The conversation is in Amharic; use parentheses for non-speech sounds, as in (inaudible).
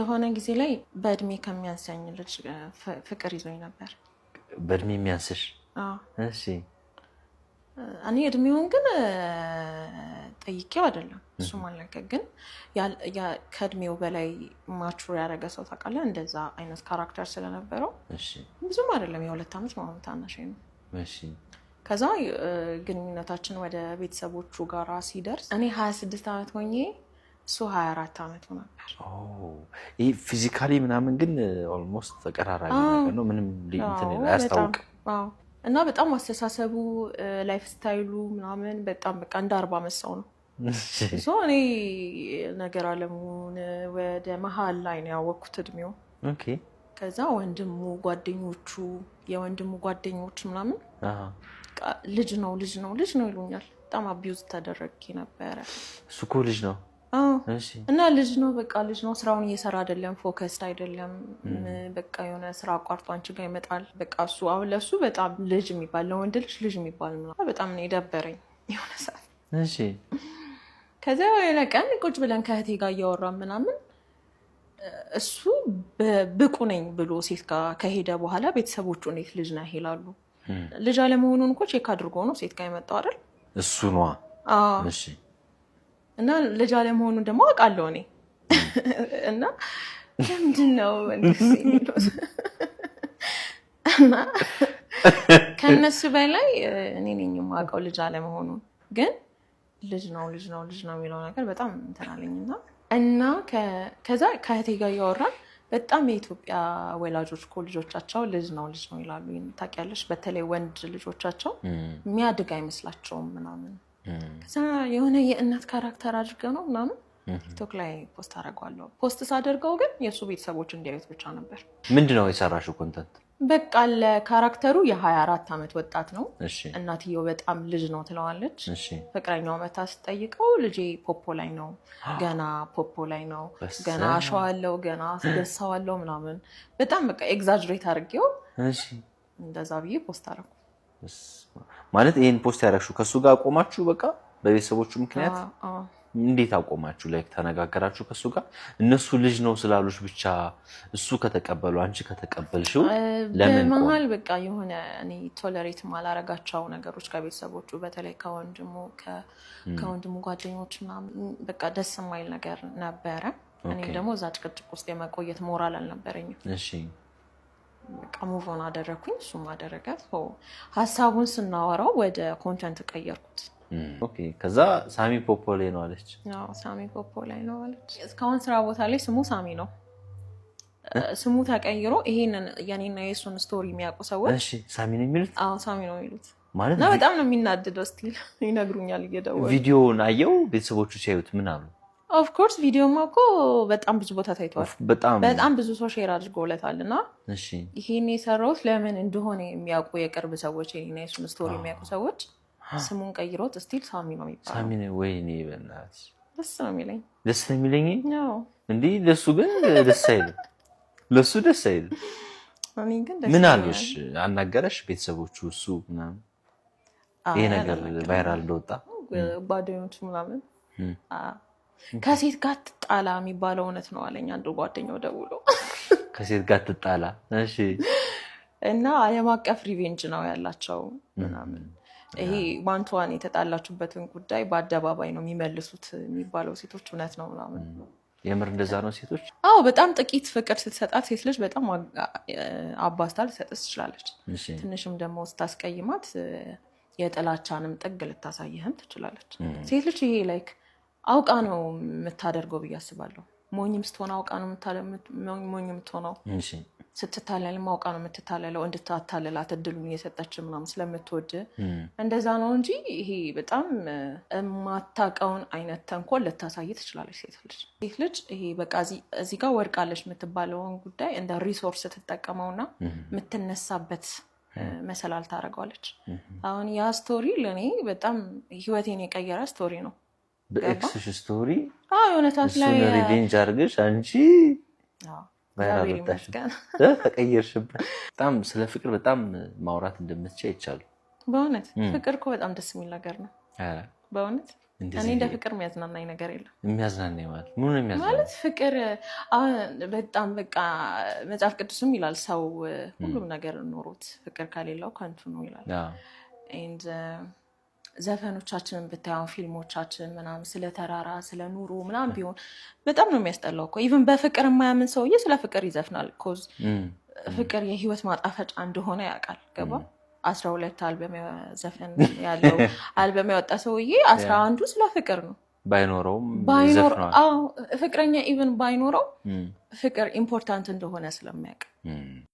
የሆነ ጊዜ ላይ በእድሜ ከሚያንሰኝ ልጅ ፍቅር ይዞኝ ነበር። በእድሜ የሚያንስሽ? እሺ። እኔ እድሜውን ግን ጠይቄው አይደለም እሱ ማለቀ ግን ከእድሜው በላይ ማቹር ያደረገ ሰው ታውቃለህ፣ እንደዛ አይነት ካራክተር ስለነበረው ብዙም አይደለም የሁለት ዓመት ምናምን ታናሽ ነው። ከዛ ግንኙነታችን ወደ ቤተሰቦቹ ጋራ ሲደርስ እኔ ሀያ ስድስት ዓመት ሆኜ እሱ 24 ዓመቱ ነበር። ይህ ፊዚካሊ ምናምን ግን ኦልሞስት ተቀራራቢ ነገር ነው። ምንም አያስታውቅም። እና በጣም አስተሳሰቡ፣ ላይፍ ስታይሉ ምናምን በጣም በቃ እንደ አርባ ዓመት ሰው ነው። እኔ ነገር አለመሆን ወደ መሀል ላይ ነው ያወቅኩት እድሜው። ከዛ ወንድሙ፣ ጓደኞቹ፣ የወንድሙ ጓደኞች ምናምን ልጅ ነው ልጅ ነው ልጅ ነው ይሉኛል። በጣም አቢውዝ ተደረግ ነበረ። እሱ እኮ ልጅ ነው እና ልጅ ነው በቃ ልጅ ነው። ስራውን እየሰራ አይደለም፣ ፎከስድ አይደለም። በቃ የሆነ ስራ አቋርጦ አንቺ ጋር ይመጣል። በቃ እሱ አሁን ለሱ በጣም ልጅ የሚባል ለወንድ ልጅ ልጅ የሚባል ነው። በጣም ነው የደበረኝ የሆነ ሰዓት። እሺ ከዚያ የሆነ ቀን ቁጭ ብለን ከእህቴ ጋር እያወራ ምናምን እሱ ብቁ ነኝ ብሎ ሴት ጋር ከሄደ በኋላ ቤተሰቦቹ እንዴት ልጅ ነህ ይላሉ። ልጅ አለመሆኑን እኮ ቼክ አድርጎ ነው ሴት ጋር የመጣው አይደል? እሱ ነዋ። እሺ እና ልጅ አለመሆኑን ደግሞ አውቃለሁ እኔ እና ለምንድን ነው እና ከእነሱ በላይ እኔ ነኝ የማውቀው ልጅ አለመሆኑን። ግን ልጅ ነው ልጅ ነው ልጅ ነው የሚለው ነገር በጣም እንትን አለኝና እና ከዛ ከእህቴ ጋር እያወራን በጣም የኢትዮጵያ ወላጆች እኮ ልጆቻቸው ልጅ ነው ልጅ ነው ይላሉ። ታውቂያለሽ፣ በተለይ ወንድ ልጆቻቸው የሚያድግ አይመስላቸውም ምናምን ከዛ የሆነ የእናት ካራክተር አድርገው ነው ምናምን ቲክቶክ ላይ ፖስት አደርገዋለሁ። ፖስት ሳደርገው ግን የእሱ ቤተሰቦች እንዲያዩት ብቻ ነበር። ምንድን ነው የሰራሽው ኮንተንት? በቃ ለካራክተሩ የ24 ዓመት ወጣት ነው። እናትየው በጣም ልጅ ነው ትለዋለች። ፍቅረኛው መታ ስጠይቀው ልጄ ፖፖ ላይ ነው ገና፣ ፖፖ ላይ ነው ገና፣ አሸዋለው ገና፣ አስደሳዋለው ምናምን በጣም በቃ ኤግዛጅሬት አድርጌው እንደዛ ብዬ ፖስት አደረኩ። ማለት ይሄን ፖስት ያደረግሽው ከእሱ ጋር አቆማችሁ? በቃ በቤተሰቦቹ ምክንያት እንዴት አቆማችሁ? ላይክ ተነጋገራችሁ ከእሱ ጋር? እነሱ ልጅ ነው ስላሉች ብቻ እሱ ከተቀበሉ አንቺ ከተቀበልሽው በመሀል በቃ የሆነ እኔ ቶለሬት ማላረጋቸው ነገሮች ከቤተሰቦቹ በተለይ ከወንድሙ ከወንድሙ ጓደኞች ምናምን በቃ ደስ የማይል ነገር ነበረ። እኔ ደግሞ እዛ ጭቅጭቅ ውስጥ የመቆየት ሞራል አልነበረኝም። ቀሙቮን አደረግኩኝ። እሱም አደረገ። ሀሳቡን ስናወራው ወደ ኮንተንት ቀየርኩት። ከዛ ሳሚ ፖፖ ላይ ነው አለች። ሳሚ ፖፖ ላይ ነው አለች። እስካሁን ስራ ቦታ ላይ ስሙ ሳሚ ነው። ስሙ ተቀይሮ ይሄንን የኔና የእሱን ስቶሪ የሚያውቁ ሰዎች ሳሚ ነው የሚሉት። ሳሚ ነው የሚሉት ማለት በጣም ነው የሚናድደው። ስቲል (laughs) ይነግሩኛል እየደወሉ ቪዲዮውን አየው ቤተሰቦቹ ሲያዩት ምን አሉ ኦፍኮርስ ቪዲዮማ እኮ በጣም ብዙ ቦታ ታይተዋል። በጣም ብዙ ሰው ሼር አድርጎለታል እና ይሄን የሰራሁት ለምን እንደሆነ የሚያውቁ የቅርብ ሰዎች የሱን ስቶሪ የሚያውቁ ሰዎች ስሙን ቀይሮት ስቲል ሳሚ ነው የሚባለው። ወይኔ በእናትሽ ደስ ነው የሚለኝ ደስ ነው የሚለኝ እንዲ ለሱ ግን ደስ አይልም። ለሱ ደስ አይልም። ምን አሉሽ? አናገረሽ? ቤተሰቦቹ እሱ ምናምን ይሄ ነገር ቫይራል እንደወጣ ጓደኞቹ ምናምን ከሴት ጋር ትጣላ የሚባለው እውነት ነው አለኝ አንዱ ጓደኛው ደውሎ። (laughs) ከሴት ጋር ትጣላ እሺ። እና ዓለም አቀፍ ሪቬንጅ ነው ያላቸው ምናምን ይሄ ዋንቷን የተጣላችሁበትን ጉዳይ በአደባባይ ነው የሚመልሱት የሚባለው ሴቶች እውነት ነው ምናምን። የምር እንደዛ ነው ሴቶች? አዎ በጣም ጥቂት ፍቅር ስትሰጣት ሴት ልጅ በጣም አባስታ ልትሰጥስ ትችላለች። ትንሽም ደግሞ ስታስቀይማት የጥላቻንም ጥግ ልታሳይህም ትችላለች ሴት ልጅ ይሄ ላይክ አውቃ ነው የምታደርገው ብዬ አስባለሁ። ሞኝም ስትሆን አውቃ ነው ሞኝ የምትሆነው። ስትታለልም አውቃ ነው የምትታለለው። እንድታታልላት እድሉን እየሰጠች ምናምን ስለምትወድ እንደዛ ነው እንጂ ይሄ በጣም የማታውቀውን አይነት ተንኮል ልታሳይ ትችላለች ሴት ልጅ። ሴት ልጅ ይሄ በቃ እዚህ ጋር ወድቃለች የምትባለውን ጉዳይ እንደ ሪሶርስ ትጠቀመውና የምትነሳበት መሰላል ታደርገዋለች። አሁን ያ ስቶሪ ለእኔ በጣም ህይወቴን የቀየረ ስቶሪ ነው። በኤክስሽ ስቶሪ ሪቬንጅ አድርገሽ አንቺ ባይራበታሽ ተቀየርሽበት። በጣም ስለ ፍቅር በጣም ማውራት እንደምትች ይቻሉ። በእውነት ፍቅር እኮ በጣም ደስ የሚል ነገር ነው። በእውነት እኔ እንደ ፍቅር የሚያዝናናኝ ነገር የለም። የሚያዝናናኝ ማለት ምን የሚያዝናናኝ ፍቅር በጣም በቃ መጽሐፍ ቅዱስም ይላል ሰው ሁሉም ነገር ኖሮት ፍቅር ከሌለው ከንቱ ነው ይላል። ዘፈኖቻችንን ብታየው ፊልሞቻችን ምናምን ስለ ተራራ ስለ ኑሮ ምናምን ቢሆን በጣም ነው የሚያስጠላው እኮ። ኢቨን በፍቅር የማያምን ሰውዬ ስለ ፍቅር ይዘፍናል። ኮዝ ፍቅር የህይወት ማጣፈጫ እንደሆነ ያውቃል። ገባ አስራ ሁለት አልበም ዘፈን ያለው (laughs) አልበም ያወጣ ሰውዬ አስራ አንዱ ስለ ፍቅር ነው። ባይኖረውም ፍቅረኛ ኢቭን ባይኖረው ፍቅር ኢምፖርታንት እንደሆነ ስለሚያውቅ